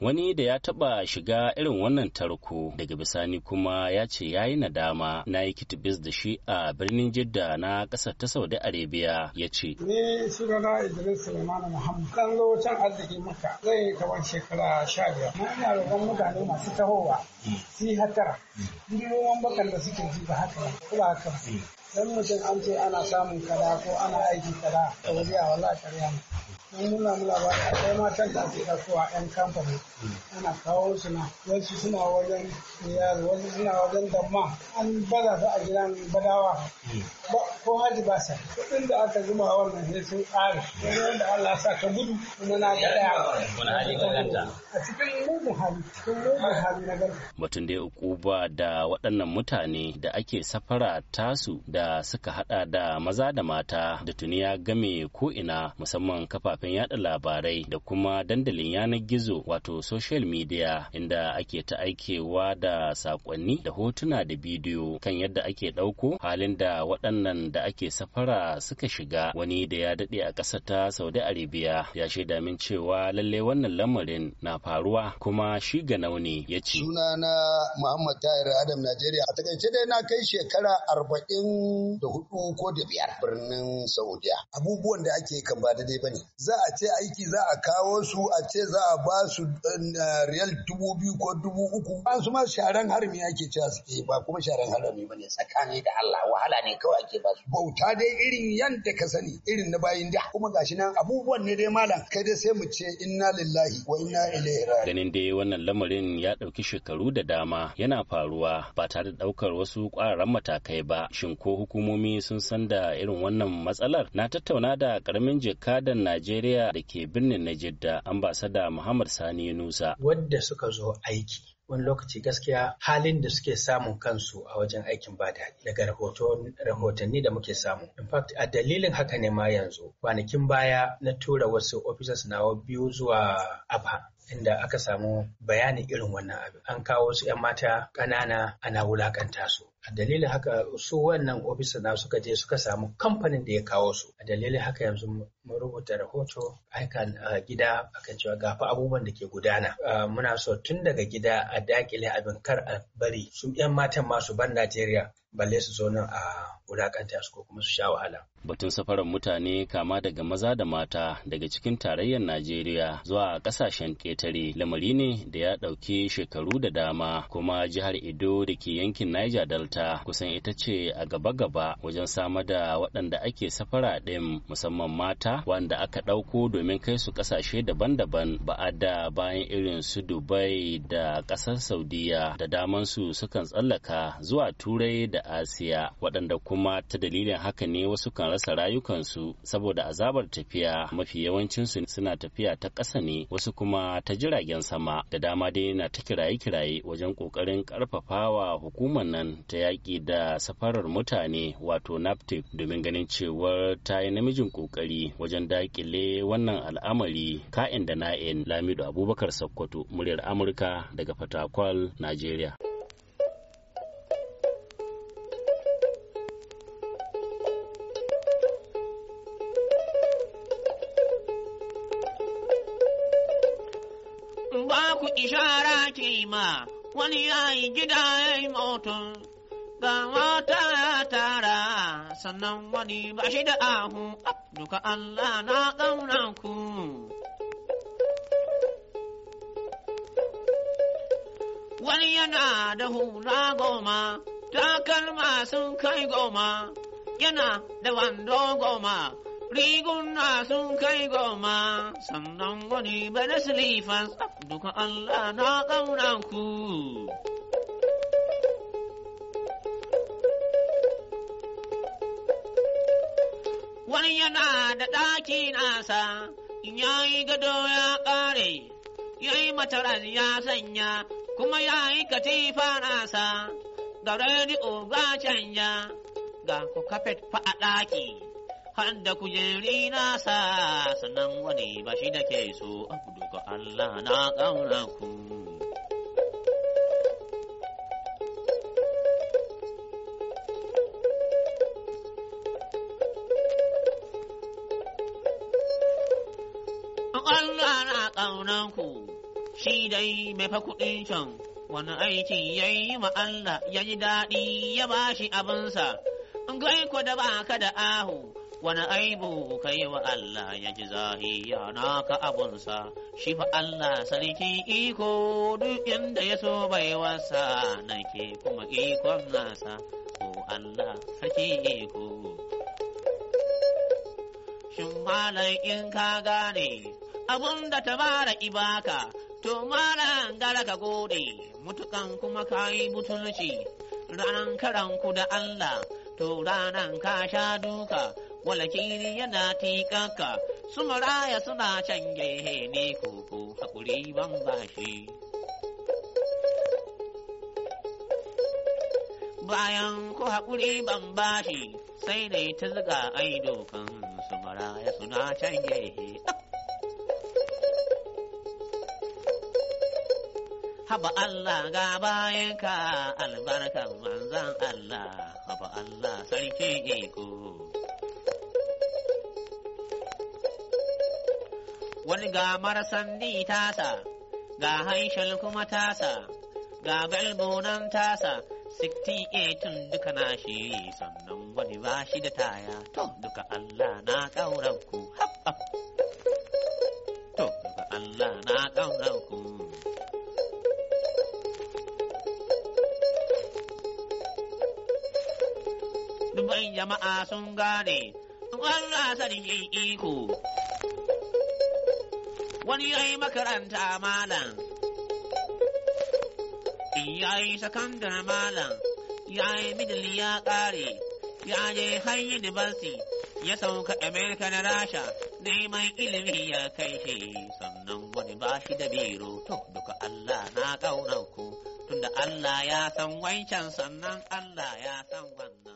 wani da ya taɓa shiga irin wannan tarko daga bisani kuma ya ce ya yi nadama na yi kitibis da shi a birnin jidda na kasar ta saudi arabia ya ce ni sunana idris sulemana muhammad dan lokacin arziki maka zai kawai shekara sha biyar na ina roƙon mutane masu tahowa su yi hatara jirgin bakan da suke ji ba haka ba haka dan mutum an ce ana samun kada ko ana aiki kada a wuri a wallahi ƙarya an nuna mu labari akwai matan da ake kasuwa yan kamfani ana kawo su na wasu suna wajen yaro wasu suna wajen damma an baza su a gidan badawa ko da mutum da uku ba da waɗannan mutane da ake safara tasu da suka hada da maza da mata da tuni ya game ko'ina musamman kafafen yada labarai da kuma dandalin yanar gizo wato social media inda ake ta aikewa da saƙonni da hotuna da bidiyo kan yadda ake ɗauko halin da waɗannan da ake safara suka shiga wani da ya daɗe a ƙasata ta saudi arabia ya shaida min cewa lalle wannan lamarin na faruwa kuma shi ga nauni ya ce suna na muhammad tahir adam najeriya a takaice dai na kai shekara arba'in da hudu ko da biyar birnin saudiya abubuwan da ake kan ba daidai bane za a ce aiki za a kawo su a ce za a ba su eh, riyal dubu biyu ko dubu uku ba su ma sharan harami ake cewa suke ba kuma sharan harami bane tsakani da allah wahala ne ne kawai ake ba su bauta dai irin yanda ka sani irin na bayin da kuma gashi nan abubuwan ne dai malam kai dai sai mu ce inna lillahi wa inna ilaihi raji'un ganin dai wannan lamarin ya ɗauki shekaru da dama yana faruwa ba tare da ɗaukar wasu ƙwararan matakai ba shin ko hukumomi sun san da irin wannan matsalar na tattauna da karamin jakadan Najeriya da ke birnin Najidda ambasada Muhammad Sani Nusa wadda suka zo aiki wani lokaci gaskiya halin da suke samun kansu a wajen aikin ba daɗi daga rahotanni da muke samu. In fact a dalilin haka ne ma yanzu kwanakin baya na tura wasu officers nawa biyu zuwa Abha, inda aka samu bayanin irin wannan abin an kawo su 'yan mata ƙanana ana wulakanta su a dalilin haka su wannan ofis na suka je suka samu kamfanin da ya kawo su a dalilin haka yanzu mun rubuta rahoto aikan gida akan cewa gafa abubuwan da ke gudana muna so tun daga gida a dakile abin kar a bari su yan matan masu ban Najeriya balle su zo nan a wulakanta su ko kuma su sha wahala batun safarar mutane kama daga maza da mata daga cikin tarayyar Najeriya zuwa kasashen ketare lamari ne da ya ɗauki shekaru da dama kuma jihar Edo da ke yankin Niger Delta kanta kusan ita ce a gaba-gaba wajen samar da waɗanda ake safara ɗin musamman mata wanda aka ɗauko domin kai su ƙasashe daban-daban ba a da bayan irin su dubai da ƙasar saudiya da daman su sukan tsallaka zuwa turai da asiya waɗanda kuma ta dalilin haka ne wasu kan rasa rayukansu saboda azabar tafiya mafi yawancinsu suna tafiya ta ƙasa ne wasu kuma ta jiragen sama da dama dai na ta kiraye-kiraye wajen ƙoƙarin ƙarfafawa hukumar nan ta yaƙi da safarar mutane wato naptip domin ganin cewar ta yi namijin ƙoƙari wajen daƙile wannan al'amari ka'in da na'in lamido abubakar sakkwato muryar amurka daga fatakwal nigeria. Ba ku ishara ke ma wani yayi gida ya yi mota. ga mata ya tara sannan wani ba shi da ahu duka Allah na ƙauna ku. Wani yana da hula goma, takalma sun kai goma, yana da wando goma, riguna sun kai goma, sannan wani ba da silifan duka Allah na ƙauna ku. yana da ɗaki nasa, ya yi gado ya ƙare, ya yi mataras ya sanya, kuma ya yi katifa nasa, ga rediyo ba canja, ga ku kafet fa a ɗaki, har da kujeri nasa, sanan wani ba shi da ke so, abu duka Allah na ƙauna ku. Allah na ƙaunan ku, shi dai mai fa kuɗin can, wani aiki ya yi ma Allah ya ji daɗi ya ba shi abinsa, gai ku da baka da ahu, wani aibu ka yi wa Allah ya ji zahiya naka abunsa, shi fa Allah sarki iko duk inda ya so bai wasa nake kuma ikon nasa, ko Allah sarki iko. Shin malam in ka gane abun da ta bara ibaka, to mara gara ka gode, mutukan kuma ka yi butulci, ranan ku da Allah, to ranan ka sha duka, walakiri yana tikaka, su maraya suna can gehe ne koko haƙuri ban bashi. Bayan ku haƙuri ban bashi, sai dai ta zuga aido kan su maraya suna can gehe. haba Allah ga bayanka albarkan manzan Allah haba Allah sarki iko wani ga marasan ni tasa ga haishal kuma tasa ga balbonan tasa 68 e duka na shi sannan wani ba shi da taya to duka Allah na ƙaunar to duka Allah na ƙaunar ku idan jama'a sun gane, Allah sarki iko. Wani ya yi makaranta malam, ya yi sakandar malam, ya yi ya ƙare, ya je hanyar dibansi, ya sauka America na Rasha, neman ilimi ya kai shi, sannan wani ba shi da biro, to duka Allah na ƙaunar ku. tunda Allah ya san wancan sannan Allah ya san wannan.